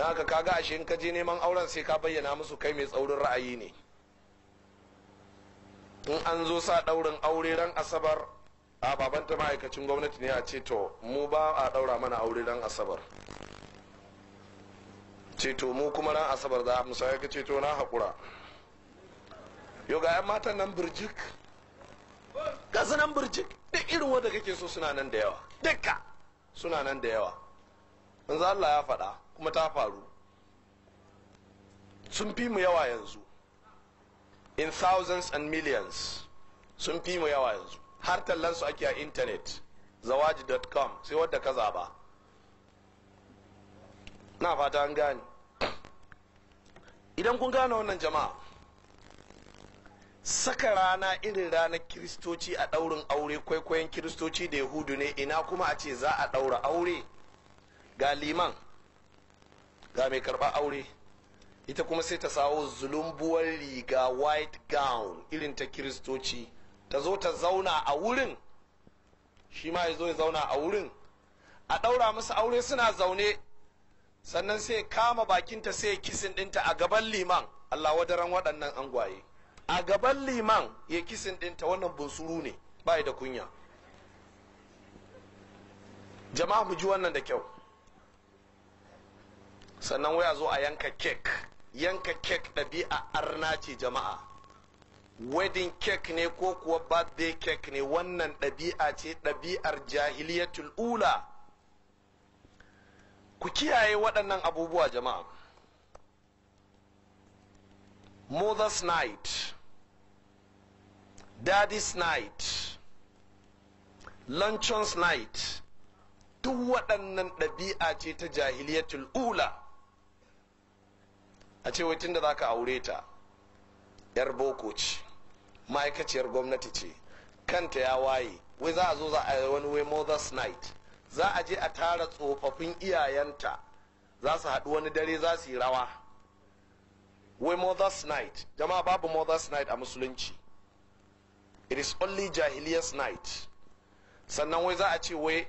don haka kaga ashe in ka je neman auren sai ka bayyana musu kai mai tsaurin ra'ayi ne in an zo sa daurin aure ran asabar a babanta ma'aikacin gwamnati ne a ceto mu ba a daura mana aure ran asabar Ceto mu kuma ran asabar za mu sai ka ceto na haƙura. yau ga 'yan matan nan birjik ga nan birjik duk irin wanda kake so suna nan da yawa dukka suna nan da yawa za Allah ya faɗa kuma ta faru sun fi mu yawa yanzu in thousands and millions sun fi mu yawa yanzu har tallansu ake a intanet zawaji.com sai wadda ka zaba na fata an gane idan kun gane wannan jama'a saka rana irin ranar kiristoci a daurin aure kwaikwayon kiristoci da yahudu ne ina kuma a ce za a daura aure ga liman ga mai karba aure ita kuma sai ta sawo zulumbuwar riga white gown irin ta kiristoci ta zo ta zauna a wurin shi ma ya zo ya zauna a wurin a ɗaura musu aure suna zaune sannan sai kama bakinta sai kisin ɗinta a gaban liman Allah wadaran waɗannan angwaye a gaban liman ya kisin ɗinta wannan bunsuru ne ba da kunya jama'a mu ji wannan da kyau sannan waya zo a yanka kek yanka kek ɗabi'a arna ce jama'a wedding kek ne ko kuwa birthday kek ne wannan ɗabi'a ce ɗabi'ar jahiliyatul ula ku kiyaye waɗannan abubuwa jama'a mother's night daddy's night luncheon's night duk waɗannan ɗabi'a ce ta jahiliyatul ula a ce wai tunda zaka aure ta yar boko ce ma'aikaciyar gwamnati ce kanta ya waye wai za a zo za a yi wani wai mother's night za a je a tara tsofaffin iyayenta za su haɗu wani dare za su yi rawa wai mother's night jama'a babu mother's night a musulunci it is only jahiliyas night sannan wai za a ce wai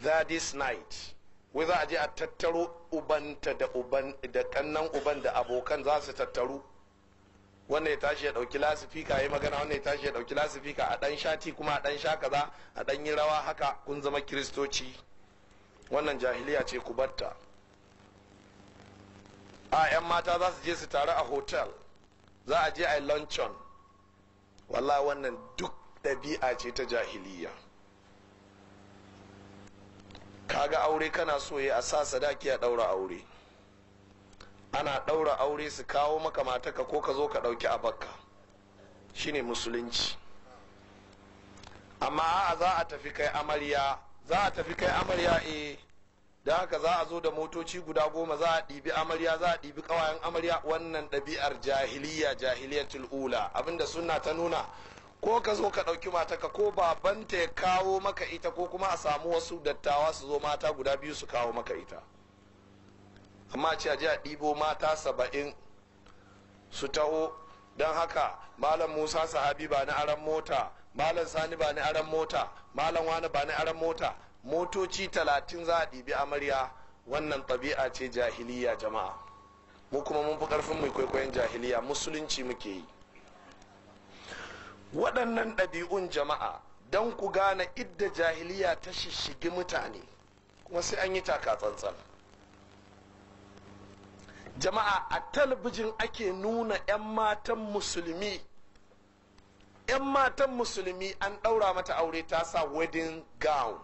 that is night wai za a je a tattaro ubanta da uban da kannan uban da abokan za su tattaru wannan ya tashi ya dauki lasifika ya yi magana wannan ya tashi ya dauki lasifika a dan shati kuma a dan sha kaza a dan yi rawa haka kun zama kiristoci wannan jahiliya ce ku batta a yan mata za su je su taru a hotel za a je a yi luncheon wallahi wannan duk ɗabi'a ce ta jahiliya ga aure kana so ya a sa sadaki a ɗaura aure ana ɗaura aure su kawo maka mataka ko ka zo ka ɗauki a bakka shine musulunci amma a za a tafi kai amarya za a tafi kai amarya e da haka za a zo da motoci guda goma za a ɗibi amarya za a ɗibi ƙawayen amarya wannan ɗabi'ar jahiliya jahiliyatul ula abinda sunna ta nuna ko ka zo ka ɗauki mataka, ko babanta ya kawo maka ita ko kuma a samu wasu dattawa su zo mata guda biyu su kawo maka ita amma ce a ji a ɗibo mata saba'in su taho don haka malam musa sahabi ba na aran mota malam sani ba na aran mota malam wani ba na aran mota motoci talatin za a ɗibi amarya wannan ɗabi'a ce jahiliya jama'a mu kuma mun fi ƙarfin mai kwaikwayon jahiliya musulunci muke yi waɗannan ɗabi'un jama'a don ku gane idda jahiliya ta shishigi mutane kuma sai an yi taka tsantsan jama'a a talbijin ake nuna 'yan matan musulmi 'yan matan musulmi an ɗaura mata aure ta sa wedding gown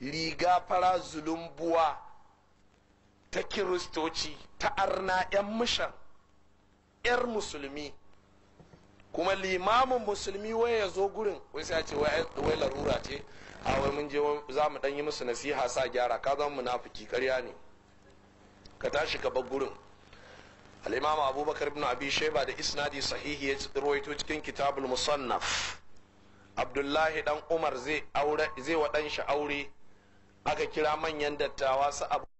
riga fara zulumbuwa ta kiristoci ta arna 'yan mishan 'yar musulmi kuma limamin musulmi wai ya zo gurin wai sai ce wai larura ce a wai mun je za mu dan yi musu nasiha sa gyara ka zama munafiki karya ne ka tashi ka bar gurin al-imam abubakar ibn abi shayba da isnadi sahihi ya rawaito cikin kitabul musannaf abdullahi dan umar zai aure zai wa dan shi aure aka kira manyan dattawa su